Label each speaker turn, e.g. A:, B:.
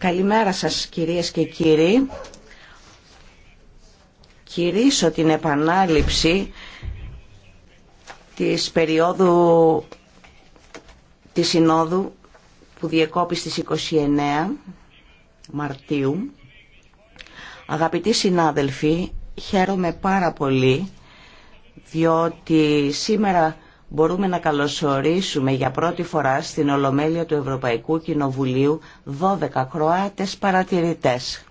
A: Καλημέρα σας κυρίες και κύριοι. Κυρίσω την επανάληψη της περίοδου της Συνόδου που διεκόπη στις 29 Μαρτίου. Αγαπητοί συνάδελφοι, χαίρομαι πάρα πολύ διότι σήμερα μπορούμε να καλωσορίσουμε για πρώτη φορά στην Ολομέλεια του Ευρωπαϊκού Κοινοβουλίου 12 Κροάτες παρατηρητές.